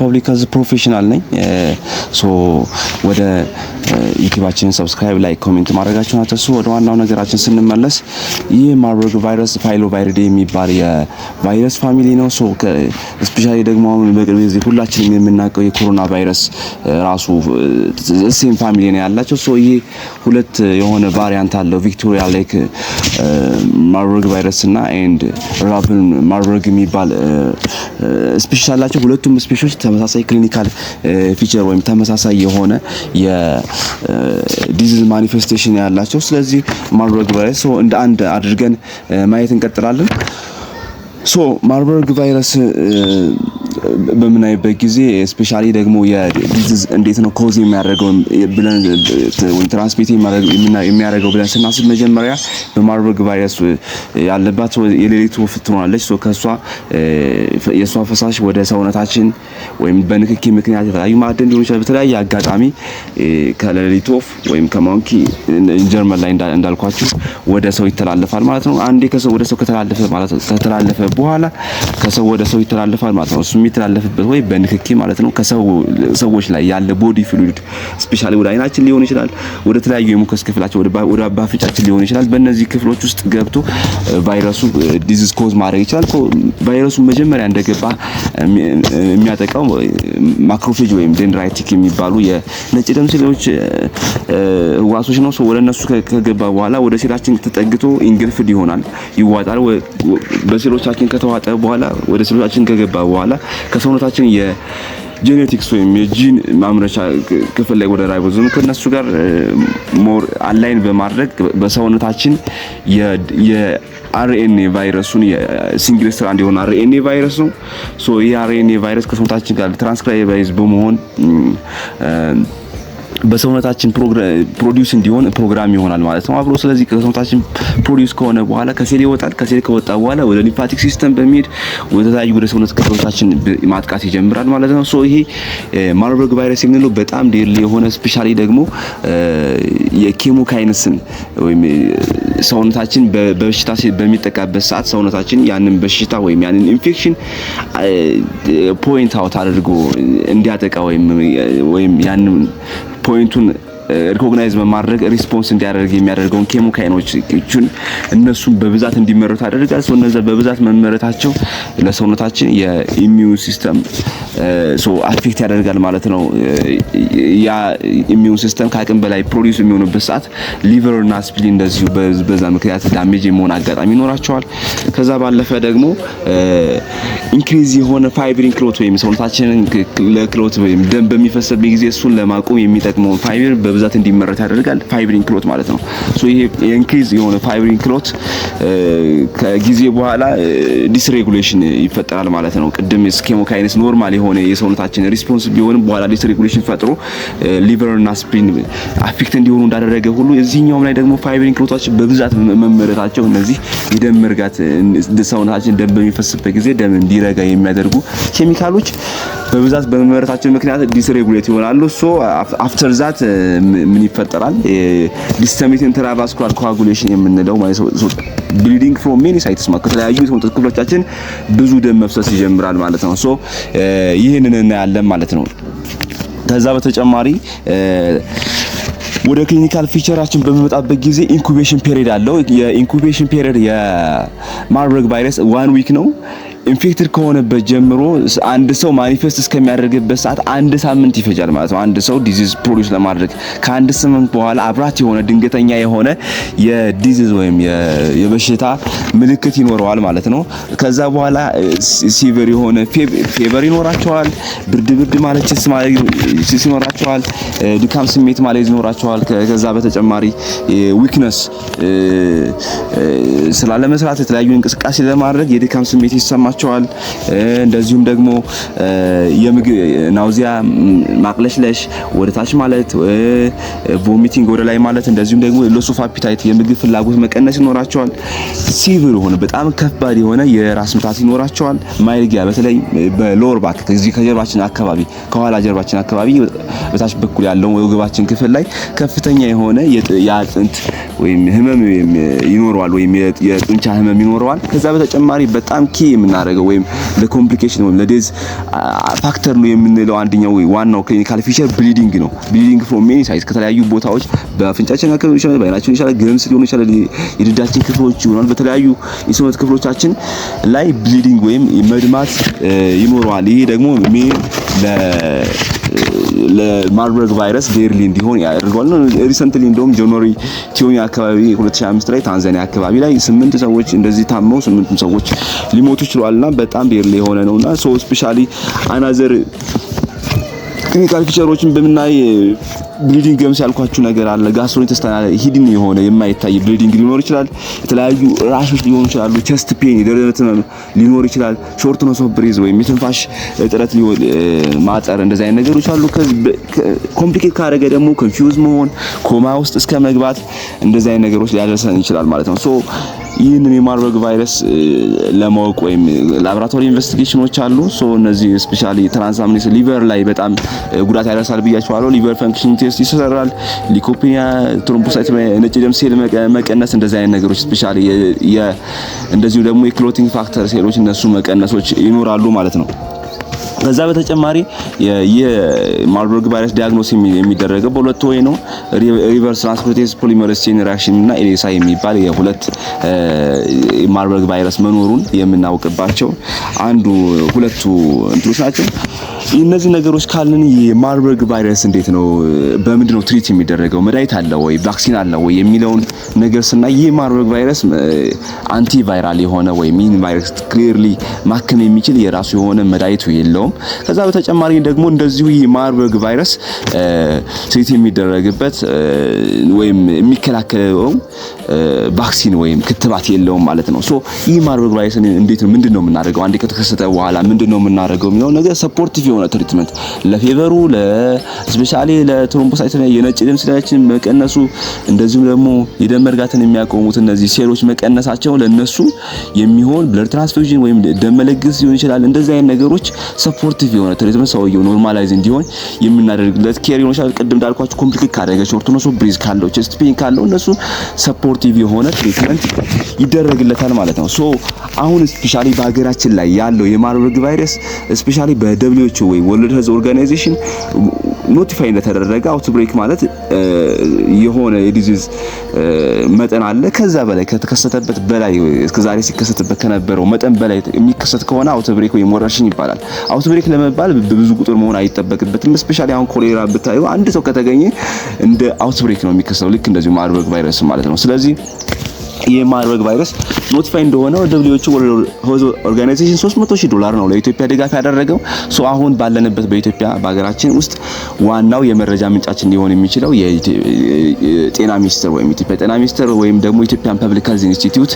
ፐብሊክ ሄልዝ ፕሮፌሽናል ነኝ። ሶ ወደ ዩቲዩባችንን ሰብስክራይብ፣ ላይ ኮሜንት ማድረጋችሁን አትርሱ። ወደ ዋናው ነገራችን ስንመለስ ይህ ማርበርግ ቫይረስ ፋይሎቫይሪዴ የሚባል የቫይረስ ፋሚሊ ነው። ሶ ስፔሻሊ ደግሞ አሁን በቅርብ ጊዜ ሁላችንም የምናውቀው የኮሮና ቫይረስ ራሱ ሴም ፋሚሊ ነው ያላቸው። ሶ ይህ ሁለት የሆነ ቫሪያንት አለው ቪክቶሪያ ላይክ ማርበርግ ቫይረስ እና ኤንድ ራብን ማርበርግ የሚባል ስፔሽ አላቸው። ሁለቱም ስፔሾች ተመሳሳይ ክሊኒካል ፊቸር ወይም ተመሳሳይ የሆነ ዲዚዝ ማኒፌስቴሽን ያላቸው። ስለዚህ ማርበርግ ቫይረስ እንደ አንድ አድርገን ማየት እንቀጥላለን። ሶ ማርበርግ ቫይረስ በምናይበት ጊዜ ስፔሻሊ ደግሞ የዲዚዝ እንዴት ነው ኮዝ የሚያደርገው ትራንስሚት የሚያደርገው ብለን ስናስብ መጀመሪያ በማርበርግ ቫይረስ ያለባት የሌሊት ወፍ ትሆናለች። ከእሷ የእሷ ፈሳሽ ወደ ሰውነታችን ወይም በንክኪ ምክንያት የተለያዩ ማዕድን ሊሆን ይችላል። በተለያየ አጋጣሚ ከሌሊት ወፍ ወይም ከማንኪ ጀርመን ላይ እንዳልኳችሁ ወደ ሰው ይተላለፋል ማለት ነው። አንዴ ከሰው ወደ ሰው ከተላለፈ በኋላ ከሰው ወደ ሰው ይተላለፋል ማለት ነው። የሚተላለፍበት ወይ በንክኪ ማለት ነው ከሰዎች ላይ ያለ ቦዲ ፍሉድ ስፔሻሊ ወደ አይናችን ሊሆን ይችላል፣ ወደ ተለያዩ የሙከስ ክፍላችን ወደ አባፍጫችን ሊሆን ይችላል። በእነዚህ ክፍሎች ውስጥ ገብቶ ቫይረሱ ዲዚዝ ኮዝ ማድረግ ይችላል። ቫይረሱ መጀመሪያ እንደገባ የሚያጠቃው ማክሮፌጅ ወይም ዴንድራይቲክ የሚባሉ የነጭ ደም ሴሎች ህዋሶች ነው። ወደ እነሱ ከገባ በኋላ ወደ ሴላችን ተጠግቶ ኢንግርፍድ ይሆናል፣ ይዋጣል። በሴሎቻችን ከተዋጠ በኋላ ወደ ሴሎቻችን ከገባ በኋላ ከሰውነታችን የጄኔቲክስ ወይም የጂን ማምረቻ ክፍል ላይ ወደ ራይቦዞም ከነሱ ጋር ሞር አላይን በማድረግ በሰውነታችን የአርኤንኤ ቫይረሱን የሲንግል ስትራንድ የሆነ አርኤንኤ ቫይረስ ነው። ሶ ይህ አርኤንኤ ቫይረስ ከሰውነታችን ጋር ትራንስክራይባይዝ በመሆን በሰውነታችን ፕሮዲውስ እንዲሆን ፕሮግራም ይሆናል ማለት ነው አብሮ። ስለዚህ ከሰውነታችን ፕሮዲውስ ከሆነ በኋላ ከሴል ይወጣል። ከሴል ከወጣ በኋላ ወደ ሊምፋቲክ ሲስተም በሚሄድ ወደ ተለያዩ ወደ ሰውነት ክፍሎቻችን ማጥቃት ይጀምራል ማለት ነው። ሶ ይሄ ማርበርግ ቫይረስ የምንለው በጣም ዴርሊ የሆነ ስፔሻሊ ደግሞ የኬሞካይነስን ወይም ሰውነታችን በበሽታ በሚጠቃበት ሰዓት ሰውነታችን ያንን በሽታ ወይም ያንን ኢንፌክሽን ፖይንት አውት አድርጎ እንዲያጠቃ ወይም ያንን ፖይንቱን ሪኮግናይዝ በማድረግ ሪስፖንስ እንዲያደርግ የሚያደርገውን ኬሞካይኖችን እነሱን በብዛት እንዲመረቱ ያደርጋል። ሰው እነዚያ በብዛት መመረታቸው ለሰውነታችን የኢሚዩን ሲስተም አፌክት ያደርጋል ማለት ነው። ያ ኢሚዩን ሲስተም ከአቅም በላይ ፕሮዲስ የሚሆንበት ሰዓት እና ስፕሊን እንደዚሁ በዛ ምክንያት ዳሜጅ የመሆን አጋጣሚ ይኖራቸዋል። ከዛ ባለፈ ደግሞ ኢንክሪዝ የሆነ ፋይብሪን ክሎት ወይም ሰውነታችንን ለክሎት ወይም ደም በሚፈሰብ ጊዜ እሱን ለማቆም የሚጠቅመው ፋይብር በብዛት እንዲመረት ያደርጋል። ፋይብሪን ክሎት ማለት ነው። ሶ ይሄ ኢንክሪዝ የሆነ ፋይብሪን ክሎት ከጊዜ በኋላ ዲስሬጉሌሽን ይፈጠራል ማለት ነው። ቅድም ስኬሞካይነስ ኖርማል የሆነ የሰውነታችን ሪስፖንስ ቢሆንም በኋላ ዲስሬጉሌሽን ፈጥሮ ሊቨርና ስፕሪን አፌክት እንዲሆኑ እንዳደረገ ሁሉ እዚህኛውም ላይ ደግሞ ፋይብሪን ክሎቶች በብዛት መመረታቸው እነዚህ የደም መርጋት ሰውነታችን ደም በሚፈስበት ጊዜ ደም እንዲረጋ የሚያደርጉ ኬሚካሎች በብዛት በመመረታቸው ምክንያት ዲስሬጉሌት ይሆናሉ። ሶ አፍተር ዛት ምን ይፈጠራል? ዲስተሚት ኢንትራቫስኩላር ኮአጉሌሽን የምንለው ማለት ነው። ብሊዲንግ ፍሮም ሜኒ ሳይትስ ማለት ከተለያዩ የሰውነት ክፍሎቻችን ብዙ ደም መፍሰስ ይጀምራል ማለት ነው። ሶ ይህንን እናያለን ማለት ነው። ከዛ በተጨማሪ ወደ ክሊኒካል ፊቸራችን በሚመጣበት ጊዜ ኢንኩቤሽን ፔሪድ አለው። የኢንኩቤሽን ፔሪድ የማርበርግ ቫይረስ ዋን ዊክ ነው። ኢንፌክትድ ከሆነበት ጀምሮ አንድ ሰው ማኒፌስት እስከሚያደርግበት ሰዓት አንድ ሳምንት ይፈጃል ማለት ነው። አንድ ሰው ዲዚዝ ፕሮዲውስ ለማድረግ ከአንድ ሳምንት በኋላ አብራት የሆነ ድንገተኛ የሆነ የዲዚዝ ወይም የበሽታ ምልክት ይኖረዋል ማለት ነው። ከዛ በኋላ ሲቨር የሆነ ፌቨር ይኖራቸዋል፣ ብርድ ብርድ ማለት ችስ ይኖራቸዋል፣ ድካም ስሜት ማለት ይኖራቸዋል። ከዛ በተጨማሪ ዊክነስ ስላለመስራት የተለያዩ እንቅስቃሴ ለማድረግ የድካም ስሜት ይሰማቸዋል። ይኖራቸዋል። እንደዚሁም ደግሞ የምግብ ናውዚያ ማቅለሽለሽ፣ ወደ ታች ማለት፣ ቮሚቲንግ ወደ ላይ ማለት፣ እንደዚሁም ደግሞ ሎስ ኦፍ አፒታይት የምግብ ፍላጎት መቀነስ ይኖራቸዋል። ሲቪር ሆነ በጣም ከባድ የሆነ የራስ ምታት ይኖራቸዋል። ማይልጊያ በተለይ በሎወር ባክ ከዚህ ከጀርባችን አካባቢ ከኋላ ጀርባችን አካባቢ በታች በኩል ያለው ወገባችን ክፍል ላይ ከፍተኛ የሆነ የአጥንት ወይም ህመም ይኖረዋል ወይም የጡንቻ ህመም ይኖረዋል። ከዛ በተጨማሪ በጣም ኪ የምና የምናደርገው ወይም ለኮምፕሊኬሽን ወይም ለዴዝ ፋክተር ነው የምንለው አንደኛው ዋናው ክሊኒካል ፊቸር ብሊዲንግ ነው። ብሊዲንግ ፍሮም ሜኒ ሳይዝ ከተለያዩ ቦታዎች በአፍንጫችን አካባቢ ሊሆን ይችላል፣ በአይናችን ይችላል፣ ገምስ ሊሆን ይችላል፣ የድዳችን ክፍሎች ይሆናል። በተለያዩ የሰውነት ክፍሎቻችን ላይ ብሊዲንግ ወይም መድማት uh, ይኖረዋል። ይሄ ደግሞ ሜን ለ ለማርበርግ ቫይረስ ዴርሊ እንዲሆን ያደርገዋል። ሪሰንትሊ እንደውም ጃንዋሪ ቲዮኒ አካባቢ 2025 ላይ ታንዛኒያ አካባቢ ላይ ስምንት ሰዎች እንደዚህ ታመው ስምንቱም ሰዎች ሊሞቱ ችሏልና በጣም ዴርሊ የሆነ ነውና ሶ ስፔሻሊ አናዘር ክሊኒካል ፊቸሮችን በምናይ ብሊዲንግ ገምስ ያልኳችሁ ነገር አለ። ጋስትሮኢንተስታይናል ሂድን የሆነ የማይታይ ብሊዲንግ ሊኖር ይችላል። የተለያዩ ራሾች ሊሆኑ ይችላሉ። ቸስት ፔን የደረት ህመም ሊኖር ይችላል። ሾርት ሾርትነስ ኦፍ ብሬዝ ወይም የትንፋሽ እጥረት ማጠር፣ እንደዚህ አይነት ነገሮች አሉ። ኮምፕሊኬት ካደረገ ደግሞ ኮንፊውዝ መሆን፣ ኮማ ውስጥ እስከ መግባት እንደዚህ አይነት ነገሮች ሊያደርሰን ይችላል ማለት ነው። ሶ ይህንን የማርበርግ ቫይረስ ለማወቅ ወይም ላቦራቶሪ ኢንቨስቲጌሽኖች አሉ። ሶ እነዚህ ስፔሻሊ ትራንስሚስ ሊቨር ላይ በጣም ጉዳት ያደርሳል ብያቸዋለሁ። ሊቨር ፈንክሽን ቴስት ይሰራል። ሊኮፒኒያ፣ ትሮምቦሳይት፣ ነጭ ደም ሴል መቀነስ እንደዚህ አይነት ነገሮች ስፔሻሊ እንደዚሁ ደግሞ የክሎቲንግ ፋክተር ሴሎች እነሱ መቀነሶች ይኖራሉ ማለት ነው። ከዛ በተጨማሪ የማርበርግ ቫይረስ ዲያግኖስ የሚደረገው በሁለት ወይ ነው። ሪቨርስ ትራንስክሪፕቴዝ ፖሊመሬዝ ቼን ሪአክሽን እና ኤሌሳ የሚባል የሁለት ማርበርግ ቫይረስ መኖሩን የምናውቅባቸው አንዱ ሁለቱ እንትኖች ናቸው። እነዚህ ነገሮች ካልን የማርበርግ ቫይረስ እንዴት ነው በምንድን ነው ትሪት የሚደረገው መድኃኒት አለ ወይ ቫክሲን አለ ወይ የሚለውን ነገር ስናይ ይህ ማርበርግ ቫይረስ አንቲ ቫይራል የሆነ ወይም ይህን ቫይረስ ክሊርሊ ማከም የሚችል የራሱ የሆነ መድኃኒቱ የለውም። ከዛ በተጨማሪ ደግሞ እንደዚሁ ይህ ማርበርግ ቫይረስ ትሪት የሚደረግበት ወይም የሚከላከለው ቫክሲን ወይም ክትባት የለውም ማለት ነው። ይህ ማርበርግ ቫይረስ እንዴት ነው ምንድን ነው የምናደርገው አንዴ ከተከሰተ በኋላ ምንድን ነው የምናደርገው የሚለው ነገር ሰፖርቲቭ የሆነ ትሪትመንት ለፌቨሩ ለስፔሻሊ ለትሮምቦሳይቶሚያ የነጭ ደም ሴሎችን መቀነሱ እንደዚሁም ደግሞ የደም መርጋትን የሚያቆሙት እነዚህ ሴሎች መቀነሳቸው ለነሱ የሚሆን ብለድ ትራንስፊውዥን ወይም ደም መለግስ ሊሆን ይችላል። እንደዚህ አይነት ነገሮች ሰፖርቲቭ የሆነ ትሪትመንት ሰውየው ኖርማላይዝ እንዲሆን የምናደርግለት ኬር ሊሆን ይችላል። ቅድም እንዳልኳችሁ ኮምፕሊኬት ሾርት ኦርቶኖሶ ብሪዝ ካለው ቼስት ፔን ካለው እነሱ ሰፖርቲቭ የሆነ ትሪትመንት ይደረግለታል ማለት ነው። ሶ አሁን ስፔሻሊ በሀገራችን ላይ ያለው የማርበርግ ቫይረስ ስፔሻሊ በደብሊዎች ወይ ወርልድ ሄልዝ ኦርጋናይዜሽን ኖቲፋይ እንደተደረገ አውትብሬክ ማለት የሆነ የዲዚዝ መጠን አለ ከዛ በላይ ከተከሰተበት በላይ እስከዛሬ ሲከሰትበት ከነበረው መጠን በላይ የሚከሰት ከሆነ አውትብሬክ ወይም ወረርሽኝ ይባላል። አውትብሬክ ለመባል ብዙ ቁጥር መሆን አይጠበቅበትም። ስፔሻሊ አሁን ኮሌራ ብታዩ አንድ ሰው ከተገኘ እንደ አውትብሬክ ነው የሚከሰተው፣ ልክ እንደዚሁ ማርበርግ ቫይረስ ማለት ነው። ስለዚህ የማርበርግ ቫይረስ ኖቲፋይ እንደሆነ ደብሊውኤችኦ ኦርጋናይዜሽን 300 ሺህ ዶላር ነው ለኢትዮጵያ ድጋፍ ያደረገው። ሶ አሁን ባለንበት በኢትዮጵያ በሀገራችን ውስጥ ዋናው የመረጃ ምንጫችን ሊሆን የሚችለው የጤና ሚኒስቴር ወይም ኢትዮጵያ ጤና ሚኒስቴር ወይም ደግሞ ኢትዮጵያን ፐብሊክ ሄልዝ ኢንስቲትዩት፣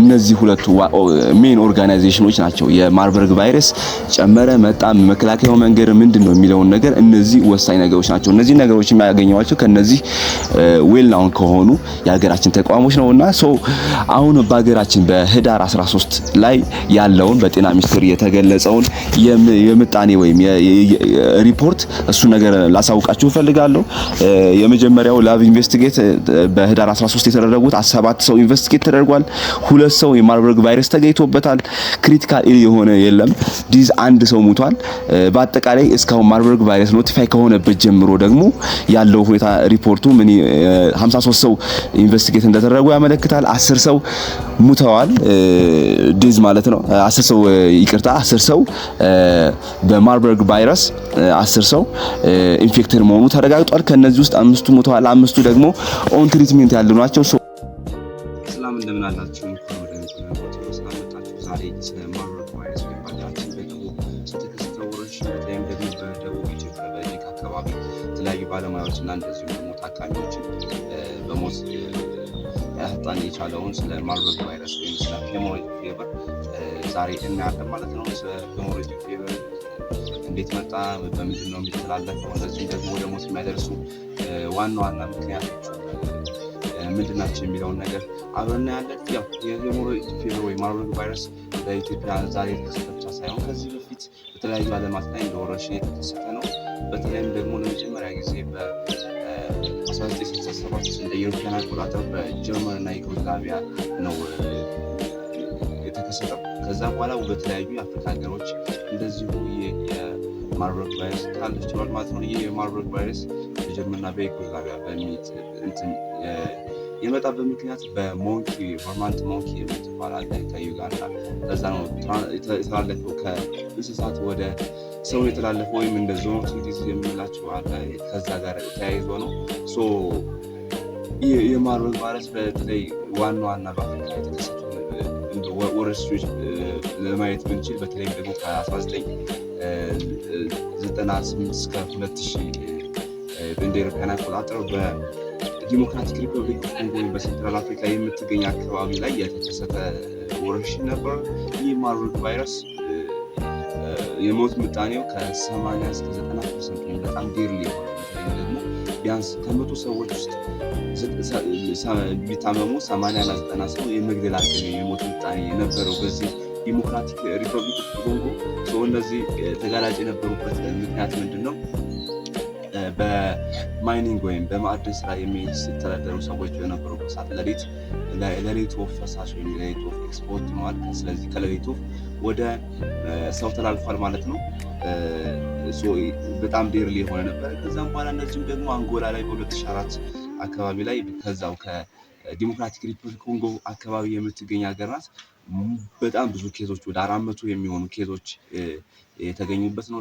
እነዚህ ሁለቱ ሜን ኦርጋናይዜሽኖች ናቸው። የማርበርግ ቫይረስ ጨመረ መጣ፣ መከላከያው መንገድ ምንድን ነው የሚለውን ነገር እነዚህ ወሳኝ ነገሮች ናቸው። እነዚህ ነገሮች የሚያገኘዋቸው ከነዚህ ዌል ናውን ከሆኑ የሀገራችን ተቋሞች ነውና ሶ አሁን በሀገራችን በህዳር 13 ላይ ያለውን በጤና ሚኒስቴር የተገለጸውን የምጣኔ ወይም ሪፖርት እሱ ነገር ላሳውቃችሁ እፈልጋለሁ። የመጀመሪያው ላብ ኢንቨስቲጌት በህዳር 13 የተደረጉት 17 ሰው ኢንቨስቲጌት ተደርጓል። ሁለት ሰው የማርበርግ ቫይረስ ተገኝቶበታል። ክሪቲካል ኢል የሆነ የለም። ዲዝ አንድ ሰው ሙቷል። በአጠቃላይ እስካሁን ማርበርግ ቫይረስ ኖቲፋይ ከሆነበት ጀምሮ ደግሞ ያለው ሁኔታ ሪፖርቱ ምን 53 ሰው ኢንቨስቲጌት እንደተደረጉ ያመለክታል። አስር ሰው ሙተዋል። ዴዝ ማለት ነው። አስር ሰው ይቅርታ፣ አስር ሰው በማርበርግ ቫይረስ አስር ሰው ኢንፌክትድ መሆኑ ተረጋግጧል። ከነዚህ ውስጥ አምስቱ ሙተዋል። አምስቱ ደግሞ ኦን ትሪትሜንት ያሉ ናቸው። ሰላም እንደምን አላችሁ? እና እንደዚሁ ደግሞ ታካሚዎችን በሞት ያሳጣን የቻለውን ስለ ማርበርግ ቫይረስ ወይም ስለ ሄሞሬጅ ፌቨር ዛሬ እናያለን ማለት ነው። ስለ ሄሞሬጅ ፌቨር እንዴት መጣ፣ በምንድን ነው የሚተላለፈው፣ እንደዚሁም ደግሞ ወደ ሞት የሚያደርሱ ዋና ዋና ምክንያቶች ምንድን ናቸው የሚለውን ነገር አብረና እናያለን። ያው የሄሞሬጅ ፌቨር ወይ ማርበርግ ቫይረስ በኢትዮጵያ ዛሬ የተከሰተ ብቻ ሳይሆን ከዚህ በፊት በተለያዩ ዓለማት ላይ እንደ ወረርሽኝ የተከሰተ ነው። በተለይም ደግሞ ለመጀመሪያ ጊዜ በ1967 እንደ ዩሮፒያን አቆጣጠር በጀርመን እና ዩጎዝላቪያ ነው የተከሰተው። ከዛ በኋላ በተለያዩ የአፍሪካ ሀገሮች እንደዚሁ የማርበርግ ቫይረስ ቃል ችሏል ማለት ነው። ይህ የማርበርግ ቫይረስ በጀርመንና በዩጎዝላቪያ በሚት የመጣበት ምክንያት በሞንኪ ቨርማንት ሞንኪ የምትባል አለ ከዩጋንዳ ከዛ ነው የተላለፈው ከእንስሳት ወደ ሰው የተላለፈው ወይም እንደ ዞኖቲዲዝ የምንላቸው አለ ከዛ ጋር ተያይዞ ነው ሶ የማርበርግ ቫይረስ በተለይ ዋና ዋና በአፍሪካ የተከሰቱ ወረርሽኞች ለማየት ብንችል በተለይም ደግሞ ከ1998 እስከ 2000 እንደ አውሮፓውያን አቆጣጠር ዲሞክራቲክ ሪፐብሊክ ኮንጎ በሴንትራል አፍሪካ የምትገኝ አካባቢ ላይ የተከሰተ ወረርሽኝ ነበር። ይህ ማርበርግ ቫይረስ የሞት ምጣኔው ከ80 እስከ 90 ፐርሰንት በጣም ዴርሊ የሆነ ደግሞ ቢያንስ ከመቶ ሰዎች ውስጥ ቢታመሙ 80 እና 90 ሰው የመግደል አቅም የሞት ምጣኔ የነበረው በዚህ ዲሞክራቲክ ሪፐብሊክ ኮንጎ። እነዚህ ተጋላጭ የነበሩበት ምክንያት ምንድን ነው? በማይኒንግ ወይም በማዕድን ስራ የሚተዳደሩ ሰዎች በነበሩ ሰዓት ለሊት ለሌሊት ወፍ ፈሳሽ ወይም ለሌሊት ወፍ ኤክስፖርት ነዋል። ስለዚህ ከሌሊት ወፍ ወደ ሰው ተላልፏል ማለት ነው። በጣም ዴርሊ የሆነ ነበረ። ከዛም በኋላ እነዚሁም ደግሞ አንጎላ ላይ በ2004 አካባቢ ላይ ከዛው ከዲሞክራቲክ ሪፐብሊክ ኮንጎ አካባቢ የምትገኝ ሀገር ናት። በጣም ብዙ ኬዞች ወደ አራት መቶ የሚሆኑ ኬዞች የተገኙበት ነው።